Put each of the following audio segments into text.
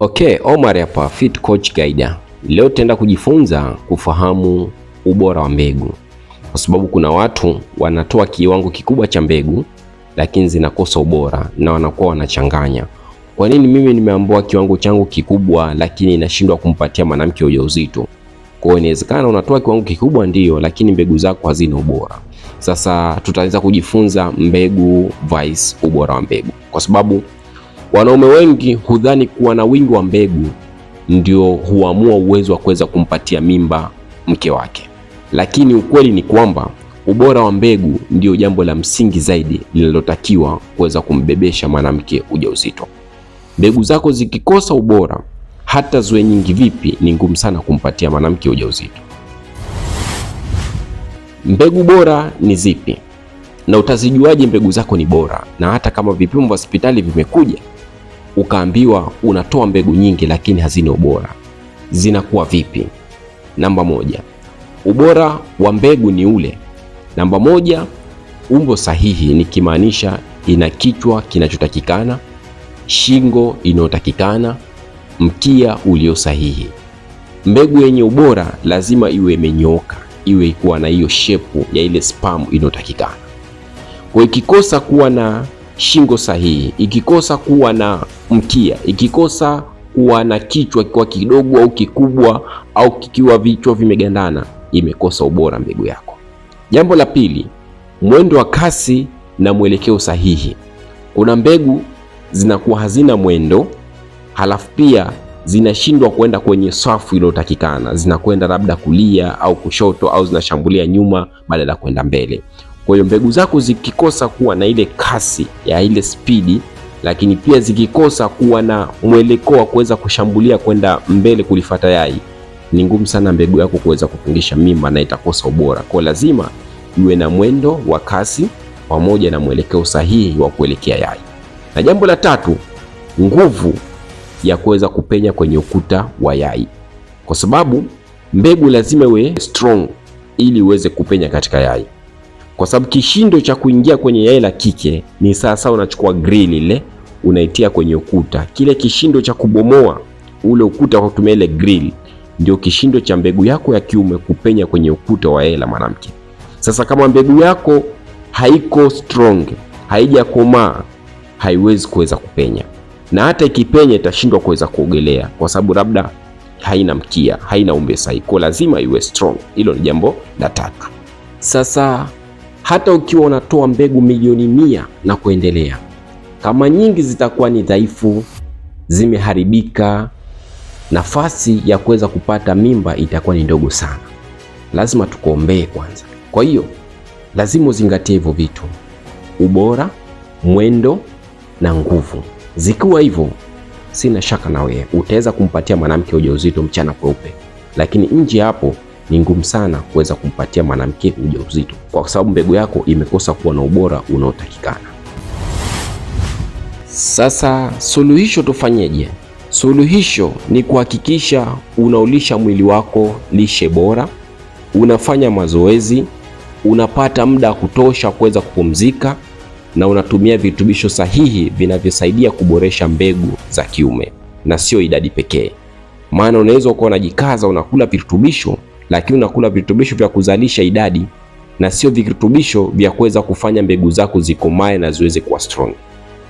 Okay, Omar hapa Fit Coach Guide. Leo tutaenda kujifunza kufahamu ubora wa mbegu, kwa sababu kuna watu wanatoa kiwango kikubwa cha mbegu lakini zinakosa ubora na wanakuwa wanachanganya. Kwa nini mimi nimeambiwa kiwango changu kikubwa lakini inashindwa kumpatia mwanamke ujauzito? Kwa hiyo inawezekana unatoa kiwango kikubwa ndiyo, lakini mbegu zako hazina ubora. Sasa tutaanza kujifunza mbegu versus ubora wa mbegu kwa sababu Wanaume wengi hudhani kuwa na wingi wa mbegu ndio huamua uwezo wa kuweza kumpatia mimba mke wake, lakini ukweli ni kwamba ubora wa mbegu ndio jambo la msingi zaidi linalotakiwa kuweza kumbebesha mwanamke ujauzito. Mbegu zako zikikosa ubora, hata ziwe nyingi vipi, ni ngumu sana kumpatia mwanamke ujauzito. Mbegu bora ni zipi? Na utazijuaje mbegu zako ni bora? Na hata kama vipimo vya hospitali vimekuja ukaambiwa unatoa mbegu nyingi lakini hazina ubora, zinakuwa vipi? Namba moja, ubora wa mbegu ni ule. Namba moja, umbo sahihi, nikimaanisha ina kichwa kinachotakikana, shingo inayotakikana, mkia ulio sahihi. Mbegu yenye ubora lazima iwe imenyooka, iwe ikuwa na hiyo shepu ya ile spamu inayotakikana. Kwa ikikosa kuwa na shingo sahihi, ikikosa kuwa na mkia, ikikosa kuwa na kichwa kikiwa kidogo au kikubwa au kikiwa vichwa vimegandana, imekosa ubora mbegu yako. Jambo la pili, mwendo wa kasi na mwelekeo sahihi. Kuna mbegu zinakuwa hazina mwendo, halafu pia zinashindwa kwenda kwenye safu iliyotakikana, zinakwenda labda kulia au kushoto, au zinashambulia nyuma badala ya kwenda mbele. Kwa hiyo mbegu zako zikikosa kuwa na ile kasi ya ile spidi, lakini pia zikikosa kuwa na mwelekeo wa kuweza kushambulia kwenda mbele kulifata yai, ni ngumu sana mbegu yako kuweza kutungisha mimba na itakosa ubora. Kwa lazima iwe na mwendo wa kasi pamoja na mwelekeo sahihi wa kuelekea yai. Na jambo la tatu, nguvu ya kuweza kupenya kwenye ukuta wa yai, kwa sababu mbegu lazima iwe strong ili uweze kupenya katika yai kwa sababu kishindo cha kuingia kwenye yai la kike ni sawasawa, unachukua grill ile unaitia kwenye ukuta. Kile kishindo cha kubomoa ule ukuta kwa kutumia ile grill ndio kishindo cha mbegu yako ya kiume kupenya kwenye ukuta wa yai la mwanamke. Sasa kama mbegu yako haiko strong, haijakomaa, haiwezi kuweza kupenya, na hata ikipenya itashindwa kuweza kuogelea, kwa sababu labda haina mkia, haina umbe saiko, lazima iwe strong. Hilo ni jambo la tatu. Sasa hata ukiwa unatoa mbegu milioni mia na kuendelea, kama nyingi zitakuwa ni dhaifu, zimeharibika, nafasi ya kuweza kupata mimba itakuwa ni ndogo sana. Lazima tukuombee kwanza. Kwa hiyo lazima uzingatie hivyo vitu: ubora, mwendo na nguvu. Zikiwa hivyo, sina shaka na wewe utaweza kumpatia mwanamke ujauzito mchana kweupe, lakini nje hapo ni ngumu sana kuweza kumpatia mwanamke ujauzito kwa sababu mbegu yako imekosa kuwa na ubora unaotakikana. Sasa suluhisho tufanyeje? Suluhisho ni kuhakikisha unaulisha mwili wako lishe bora, unafanya mazoezi, unapata muda wa kutosha kuweza kupumzika na unatumia virutubisho sahihi vinavyosaidia kuboresha mbegu za kiume na sio idadi pekee. Maana unaweza ukawa unajikaza unakula virutubisho lakini unakula virutubisho vya kuzalisha idadi na sio virutubisho vya kuweza kufanya mbegu zako zikomae na ziweze kuwa strong.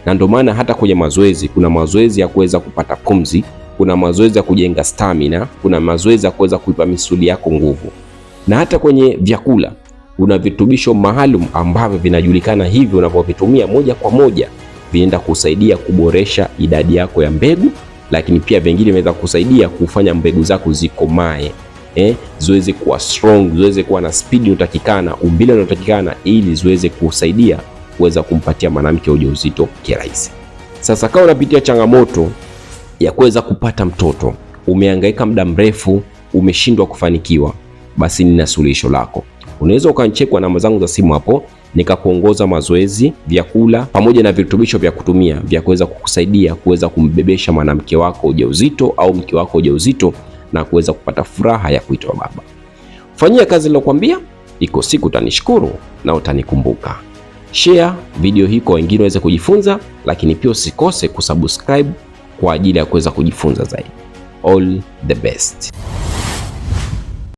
Na ndio maana hata kwenye mazoezi kuna mazoezi ya kuweza kupata pumzi, kuna mazoezi ya kujenga stamina, kuna mazoezi ya kuweza kuipa misuli yako nguvu, na hata kwenye vyakula una virutubisho maalum ambavyo vinajulikana, hivyo unavyovitumia moja kwa moja vinaenda kusaidia kuboresha idadi yako ya mbegu, lakini pia vingine vinaweza kusaidia kufanya mbegu zako zikomae eh, ziweze kuwa strong, ziweze kuwa na speed inayotakikana, umbile linalotakikana, ili ziweze kusaidia kuweza kumpatia mwanamke ujauzito kirahisi. Sasa kama unapitia changamoto ya kuweza kupata mtoto, umehangaika muda mrefu, umeshindwa kufanikiwa, basi nina suluhisho lako. Unaweza ukanicheki kwa namba zangu za simu hapo nikakuongoza mazoezi, vyakula pamoja na virutubisho vya kutumia vya kuweza kukusaidia kuweza kumbebesha mwanamke wako ujauzito au mke wako ujauzito na kuweza kupata furaha ya kuitwa baba. Fanyia kazi nilokuambia, iko siku utanishukuru na utanikumbuka. Share video hii kwa wengine waweze kujifunza, lakini pia usikose kusubscribe kwa ajili ya kuweza kujifunza zaidi. All the best.